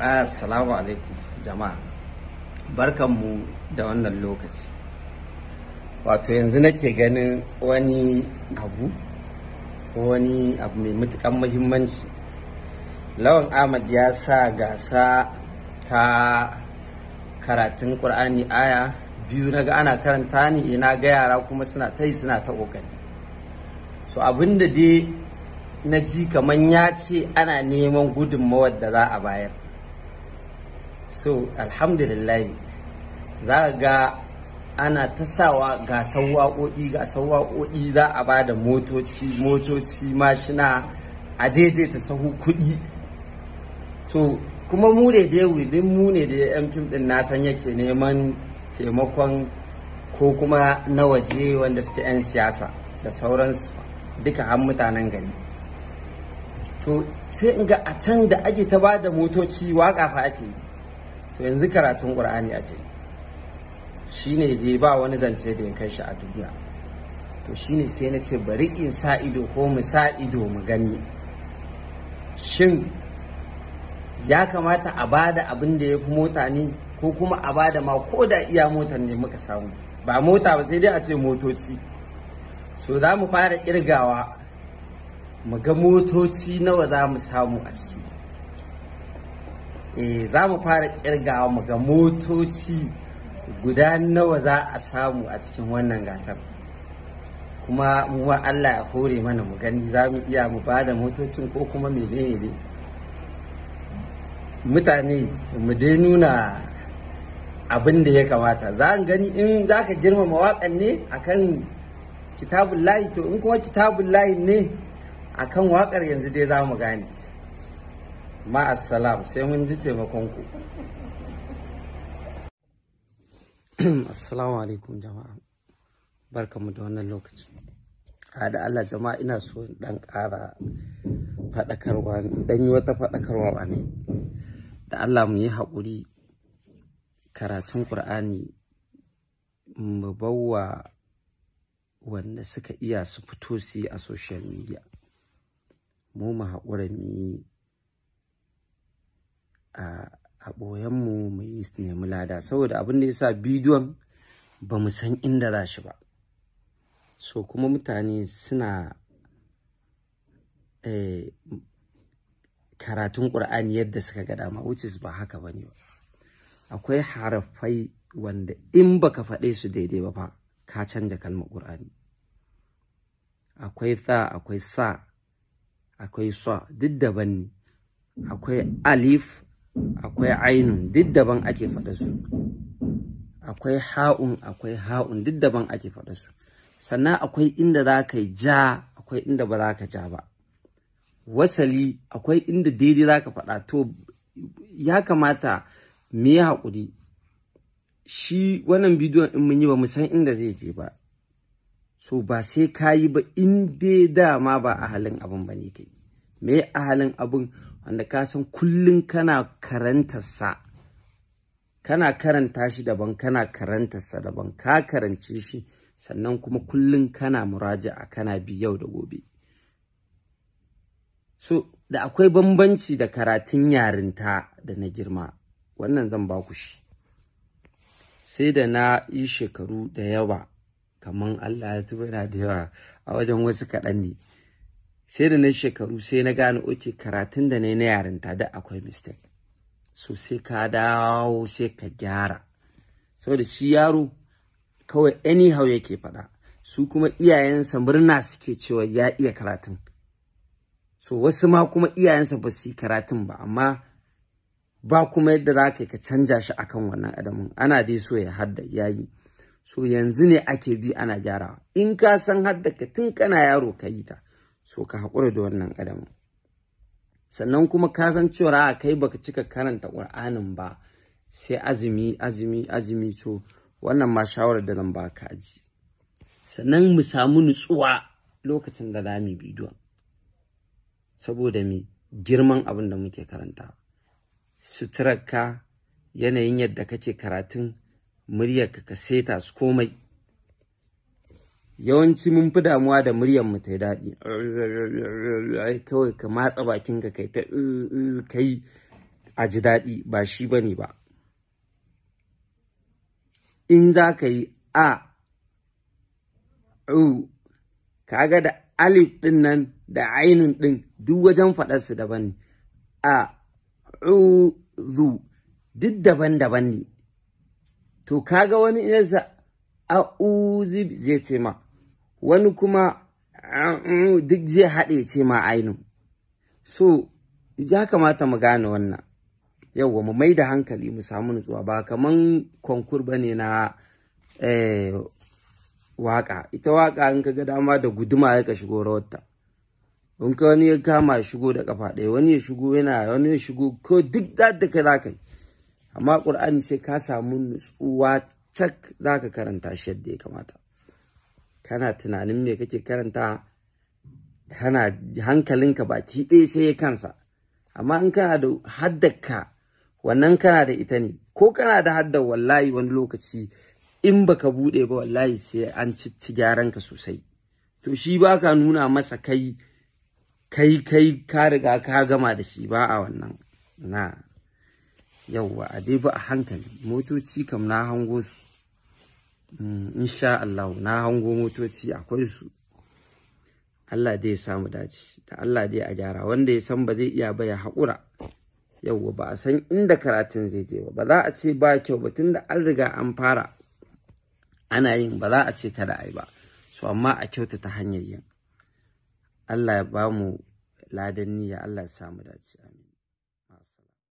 Assalamu alaikum jama'a barkanmu da wannan lokaci wato yanzu nake ganin wani abu wani abu mai matukan muhimmanci lawan ahmad ya sa gasa ta karatun ƙur'ani aya biyu na ga ana karanta ni ina ga yara kuma suna ta yi suna ta ƙoƙari so abinda dai na ji kamar ya ce ana neman gudunmawar da za a bayar so alhamdulillah za ga ana ta sawa gasar waƙoƙi gasar waƙoƙi za a ba da motoci motoci mashina a daidaita sahu kuɗi so kuma mu ne dai within mu ne da yan fim ɗin na san yake neman taimakon ko kuma na waje wanda suke 'yan siyasa da sauransu duka har mutanen gari to sai in ga a can da ake ta bada motoci waka fa ake to yanzu karatun qur'ani ake shine dai ba wani zance da ya kai shi a duniya to shine sai na ce bari in sa ido ko mu sa ido mu gani shin ya kamata a bada abin da ya fi mota ne ko kuma a bada ma ko da iya motar ne muka samu ba mota ba sai dai a ce motoci so za mu fara kirgawa mu ga motoci nawa za mu samu a ciki eh za mu fara kirgawa mu ga motoci guda nawa za a samu a cikin wannan gasar kuma mu Allah ya hore mana mu gani za mu iya mu ba da motocin ko kuma menene ne mutane mu dai nuna abin da ya kamata za gani in za ka girmama wakan ne akan kitabun layi to in kuma kitabun ne akan wakar yanzu dai za mu gane ma'assalam sai mun ji taimakonku assalamu alaikum jama'a barkanmu da wannan lokaci a da allah jama'a ina so dan ƙara faɗakarwa dan yi wata faɗakarwa ne da allah mu yi haƙuri karatun ƙur'ani mu bawa wanda suka iya su fito su yi a social media mu mu haƙura mu yi a mu yi nemi lada saboda abin da ya sa bidiyon ba mu san inda za shi ba so kuma mutane suna eh, karatun ƙur'ani yadda suka gada ma which is ba haka ba ne ba akwai harafai wanda in baka faɗe su daidai ba fa ka canja kalmar ƙur'ani akwai tha akwai sa akwai sa duk daban ne akwai alif akwai ainun duk daban ake faɗa su akwai ha'un akwai ha'un duk daban ake faɗa su sannan akwai inda za ka ja akwai inda ba za ka ja ba wasali akwai inda daidai za ka faɗa to ya kamata me haƙuri shi wannan bidiyon in mun yi ba mu san inda zai je ba so ba sai ka yi ba in dai dama ba a halin abin ba ne kai me a halin abin wanda ka san kullum kana karantarsa kana karanta shi daban kana karantarsa daban ka karance shi sannan kuma kullum kana a kana bi yau da gobe so da akwai bambanci da karatun yarinta da na girma wannan zan ba ku shi sai da na yi shekaru da yawa kaman Allah ya tuba yana da yawa a wajen wasu kaɗan ne sai da na shekaru sai na gane oke karatun da na yi na yarinta da akwai mistake so sai ka dawo sai ka gyara saboda shi yaro kawai anyhow yake faɗa su kuma iyayensa murna suke cewa ya iya karatun so wasu ma kuma iyayensa ba su yi karatun ba amma ba kuma yadda za ka canja shi akan wannan adamin ana dai so ya hadda yayi so yanzu ne ake bi ana gyara. in ka san hadda ka tun kana yaro ka yi ta so ka haƙura da wannan ƙadamin sannan kuma ka san cewa a kai baka cika karanta ƙur'anin ba sai azumi azumi azumi so wannan ma shawarar da zan baka ji. sannan mu samu nutsuwa lokacin da za mu bidiyo saboda mi girman abin da muke karanta suturarka yanayin yadda kake karatun muryarka ka seta su komai yawanci mun fi damuwa da muryar mu ta daɗi kawai ka matsa bakinka kai ta kai a ji daɗi ba shi ba ba in za ka yi a kaga da alif ɗin nan da ainun ɗin duk wajen faɗarsu daban ne a zu duk daban-daban ne to kaga wani yansa a'uzi zai ce ma wani kuma duk zai haɗe ce ma ainu so ya kamata mu gane wannan yauwa mu mai da hankali mu samu nutsuwa ba kaman konkur ba ne na eh, waƙa. ita waka in ka ga dama da guduma ya ka shigo rawarta in ka wani ya kama shigo da kafa ɗaya wani ya shigo yana wani ya shigo ko duk da ka za ka amma ƙur'ani sai ka samu nutsuwa cak za ka karanta shi yadda ya kamata kana tunanin me kake karanta kana hankalinka baki ɗaya sai ya kansa amma in kana da haddaka wannan kana da ita ne ko kana da haddar wallahi wani lokaci in baka buɗe ba wallahi sai an cici gyaranka sosai to shi baka nuna masa kai kai kai ka riga ka gama da shi ba a wannan na yauwa a dai a hankali motoci kam na hango su mm, insha Allah na hango motoci akwai su Allah dai samu dace da Allah dai a gyara wanda ya san ba zai iya ba ya haƙura yauwa ba a san inda karatun zai je ba ba za a ce ba kyau ba tunda an riga an fara ana yin ba za a ce kada a yi ba so amma a kyauta ta hanyar yin Allah ya ba mu ladan niyya Allah ya samu dace amin